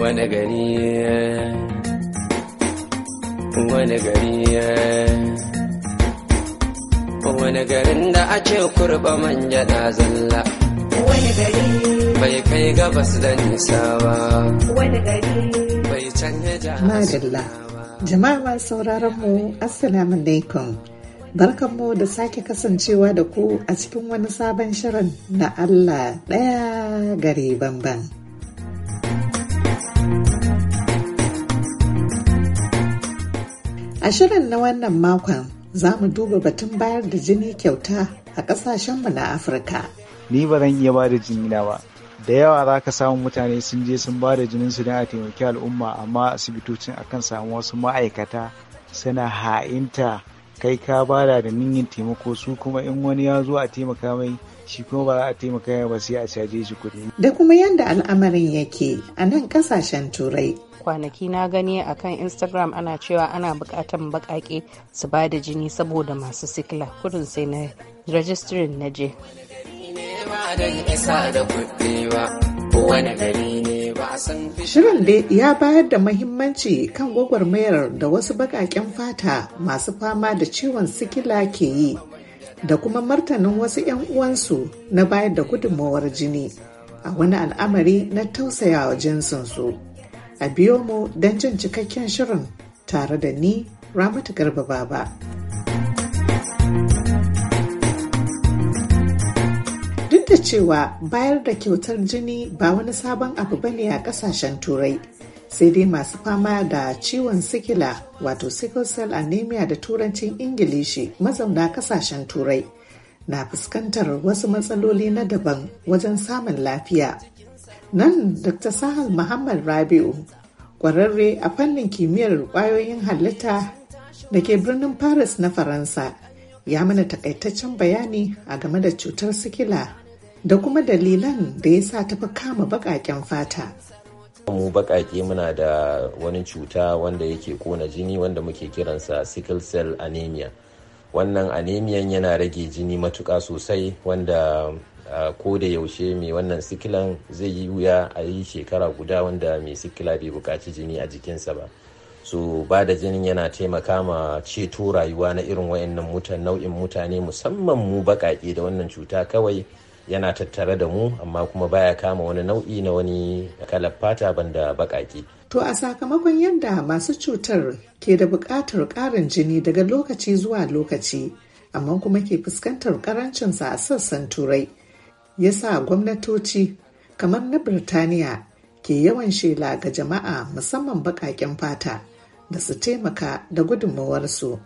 wani gari wani gari wani garin da a ce kurba manja na zalla wani gari bai kai gabas da nisa ba wani gari bai canja jihar jama'a sauraron mu assalamu alaikum Barkanmu da sake kasancewa da ku a cikin wani sabon shirin na Allah ɗaya gari bambam. A shirin na wannan makon za mu duba batun bayar da jini kyauta a ƙasashenmu na Afirka. Ni ba zan iya ba da jini na ba. Da yawa za ka samu mutane sun je sun ba da jinin su don a taimaki al'umma amma asibitocin akan samu wasu ma'aikata suna ha'inta kai ka bada da ninyin taimako su kuma in wani ya zo a taimaka mai shi kuma ba za a taimaka ba sai a caje shi kuɗi. Da kuma yadda al'amarin yake a nan ƙasashen turai kwanaki na gani a kan instagram ana cewa ana buƙatar baƙaƙe su ba da jini saboda masu sikila kudin sai na rajistirin na je Shirin dai ya bayar da mahimmanci kan gwagwarmayar da wasu baƙaƙen fata masu fama da ciwon sikila ke yi da kuma martanin wasu 'yan uwansu na bayar da gudunmawar jini a wani al'amari na tausayawa jinsinsu. A biyo mu don jin cikakken shirin tare da ni Ramatu Garba Baba. Duk da cewa bayar da kyautar jini ba wani sabon abu bane a kasashen turai. sai dai masu fama da ciwon sikila wato sickle cell anemia da turancin ingilishi mazauna kasashen turai na fuskantar wasu matsaloli na daban wajen samun lafiya nan dr sahal muhammad rabiu kwararre a fannin kimiyyar kwayoyin halitta da ke birnin paris na faransa ya mana takaitaccen bayani a game da cutar sikila da kuma dalilan da ya sa tafi kama baƙaƙen fata. mu baƙaƙe muna da wani cuta wanda yake kona jini wanda muke kiransa sickle cell anemia wannan anemiyan yana rage jini matuka sosai wanda ko da yaushe mai wannan sikilan zai yi wuya a yi shekara guda wanda mai sikila bai bukaci jini a jikinsa ba so ba da jinin yana taimaka ma ceto rayuwa na irin wayannan nau'in mutane musamman mu baƙaƙe da wannan cuta kawai yana tattare da mu amma kuma baya kama wani nau'i na wani kalar fata banda baƙaƙe. To a sakamakon yadda masu cutar ke da buƙatar ƙarin jini daga lokaci zuwa lokaci, amma kuma ke fuskantar ƙarancinsa a sassan turai, ya sa gwamnatoci kamar na Birtaniya ke yawan shela ga jama'a musamman baƙaƙen fata da su taimaka da gudunmawarsu.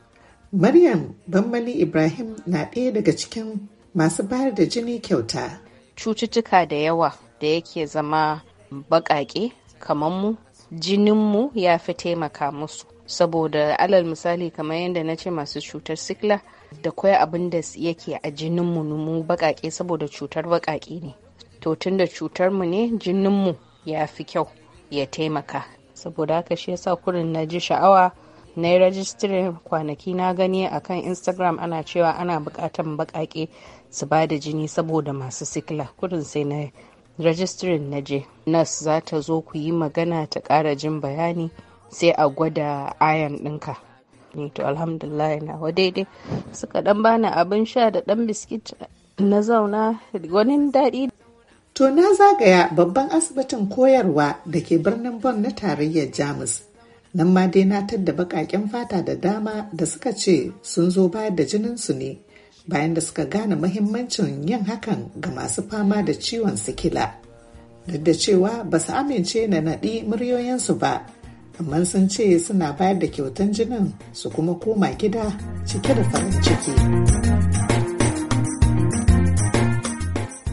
Maryam bambani Ibrahim na ɗaya daga cikin masu bayar da jini kyauta. Cututtuka da yawa da yake zama baƙaƙe kamar mu jininmu ya fi taimaka musu. Saboda alal misali kamar yadda na ce masu cutar sikla da kwai abin da yake a jininmu mu baƙaƙe saboda cutar baƙaƙe ne. To tunda mu ne jininmu ya fi kyau ya taimaka. Saboda haka shi yasa kurin na ji sha'awa na yi rajistirin kwanaki na gani a kan instagram ana cewa ana bukatan bakake su ba da jini saboda masu sikila kudin sai na rajistirin na je nas za ta zo ku yi magana ta kara jin bayani sai a gwada ayan ɗinka to alhamdulillah na daidai suka dan bani abin sha da dan biskit na zauna wani daɗi to na zagaya babban asibitin koyarwa da ke birnin bon na tarayyar jamus nan ma dai na da baƙaƙen fata da dama da suka ce sun zo bayar da jininsu ne bayan da suka gane mahimmancin yin hakan ga masu fama da ciwon sikila duk da cewa ba su amince na naɗi muryoyinsu ba amma sun ce suna bayar da kyautan jinin su kuma koma gida cike da farin ciki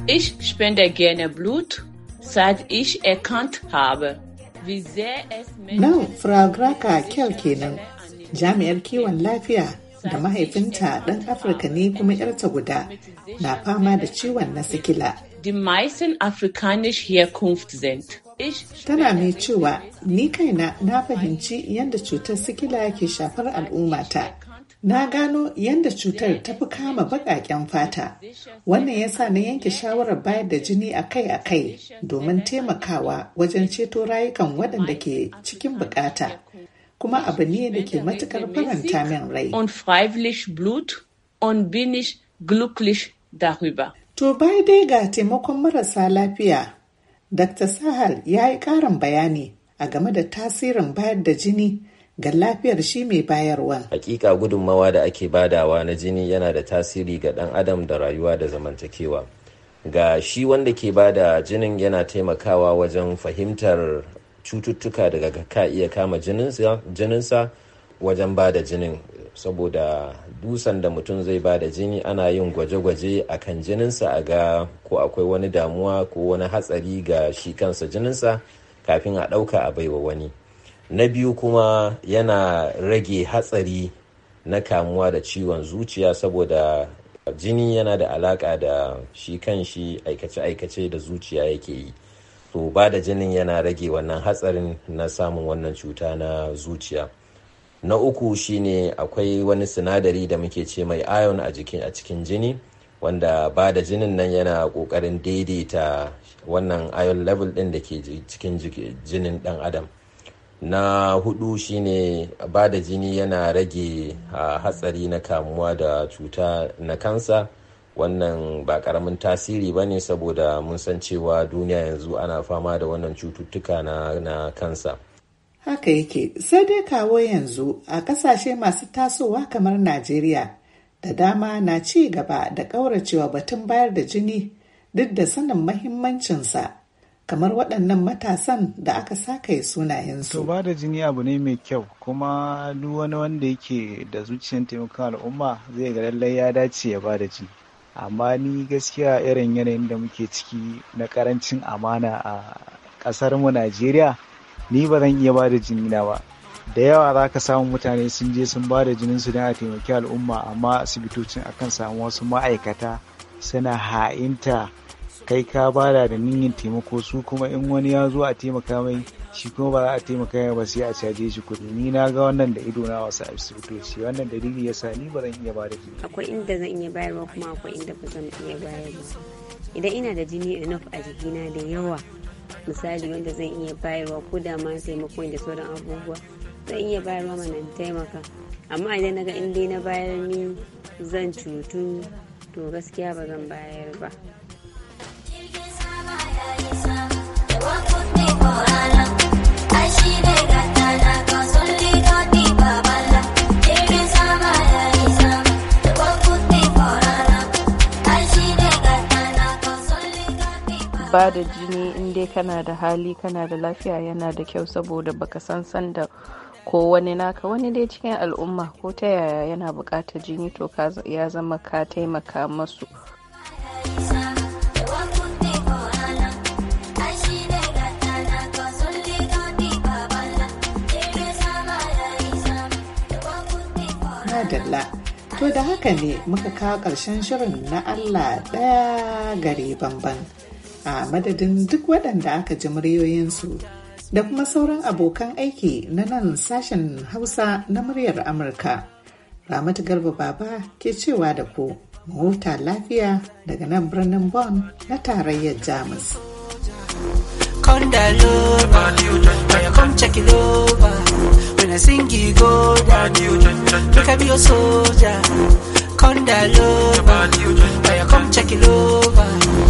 Ich spende gerne Blut, seit ich erkannt habe. Now, Fragraka Kel kenan jami'ar kiwon lafiya da mahaifinta ɗan Afirka ne kuma 'yarta guda na fama da ciwon na sikila. Tana mai cewa ni kaina na fahimci yadda cutar sikila ke shafar al'ummata. na gano yadda cutar ta fi kama baƙaƙen fata wannan ya sa na yanke shawarar bayar da jini akai-akai domin taimakawa wajen ceto rayukan waɗanda ke cikin bukata kuma abu ne da ke matukar faranta min rai to bai dai ga taimakon marasa lafiya dr sahal ya yi ƙarin bayani a game da tasirin bayar da jini ga lafiyar shi mai bayarwa. Hakika gudunmawa da ake badawa na jini yana da tasiri ga ɗan adam da rayuwa da zamantakewa. Ga shi wanda ke bada jinin yana taimakawa wajen fahimtar cututtuka daga ka iya kama jininsa wajen bada jinin saboda dusan da mutum zai bada jini ana yin gwaje-gwaje a kan jininsa a ga ko akwai wani damuwa ko wani hatsari ga shi kansa jininsa kafin a ɗauka a baiwa wani. na biyu kuma yana rage hatsari na kamuwa da ciwon zuciya saboda jini yana da alaka da shi kan shi aikace-aikace da zuciya yake yi to ba da jinin yana rage wannan hatsarin na samun wannan cuta na zuciya na uku shine akwai wani sinadari da muke ce mai iron a jikin a cikin jini wanda ba da jinin nan yana kokarin daidaita wannan iron level ɗin da ke cikin jinin dan adam na hudu shine ba da jini yana rage hatsari na kamuwa da cuta na kansa wannan ba karamin tasiri ba ne saboda mun san cewa duniya yanzu ana fama da wannan cututtuka na, na kansa haka yake sai dai kawo yanzu a kasashe masu tasowa kamar najeriya da dama na ci gaba da ƙauracewa batun bayar da jini duk da sanin mahimmancinsa kamar waɗannan matasan da aka saka ya sunayensu. To ba da jini abu ne mai kyau kuma duk wani wanda yake da zuciyar taimakon al'umma zai ga lallai ya dace ya ba da jini. Amma ni gaskiya irin yanayin da muke ciki na karancin amana a ƙasar mu Najeriya ni ba zan iya ba da jini na ba. Da yawa za ka samu mutane sun je sun ba da jininsu don a taimaki al'umma amma asibitocin akan samu wasu ma'aikata suna ha'inta kai ka bada da niyyar taimako su kuma in wani ya zo a taimaka mai shi kuma ba za a taimaka ba sai a caje shi kuɗi ni na ga wannan da ido na wasu asibitoci wannan dalili ya sa ni ba zan iya bada jini akwai inda zan iya bayarwa kuma akwai inda ba zan iya bayarwa idan ina da jini enough a jikina da yawa misali wanda zan iya bayarwa ko da ma taimakon da sauran abubuwa zan iya bayarwa mana taimaka amma idan naga in dai na bayar ni zan cutu to gaskiya ba zan bayar ba ba da jini in dai kana da hali kana da lafiya yana da kyau saboda baka san sanda ko wani naka wani dai cikin al'umma ko ta yaya yana bukatar jini to ya zama ka taimaka masu To da haka ne muka kawo ƙarshen shirin na Allah ɗaya gari bamban a madadin duk waɗanda aka ji muryoyinsu da kuma sauran abokan aiki na nan sashen hausa na muryar amurka ramatu garba baba ke cewa da ku huta lafiya daga nan birnin Bon na tarayyar jamus Come take it over.